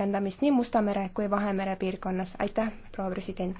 rakendamist nii Musta mere kui Vahemere piirkonnas. aitäh, proua president!